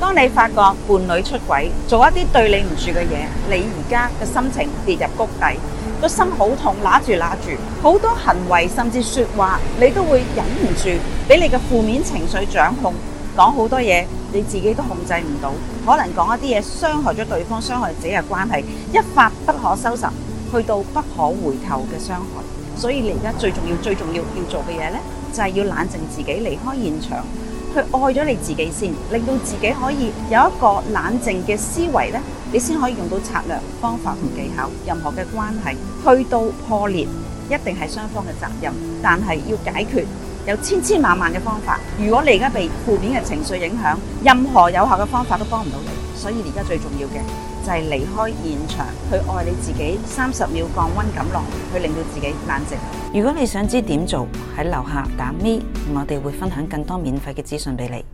當你發覺伴侶出軌，做一啲對你唔住嘅嘢，你而家嘅心情跌入谷底，個心好痛，揦住揦住，好多行為甚至説話，你都會忍唔住，俾你嘅負面情緒掌控，講好多嘢，你自己都控制唔到，可能講一啲嘢傷害咗對方，傷害自己嘅關係，一發不可收拾，去到不可回頭嘅傷害。所以你而家最重要、最重要要做嘅嘢呢，就係要冷靜自己，離開現場。去愛咗你自己先，令到自己可以有一個冷靜嘅思維咧，你先可以用到策略、方法同技巧。任何嘅關係去到破裂，一定係雙方嘅責任。但係要解決，有千千萬萬嘅方法。如果你而家被負面嘅情緒影響，任何有效嘅方法都幫唔到你。所以而家最重要嘅就係離開現場去愛你自己，三十秒降温感落去令到自己冷靜。如果你想知點做，喺樓下打咪，我哋會分享更多免費嘅資訊畀你。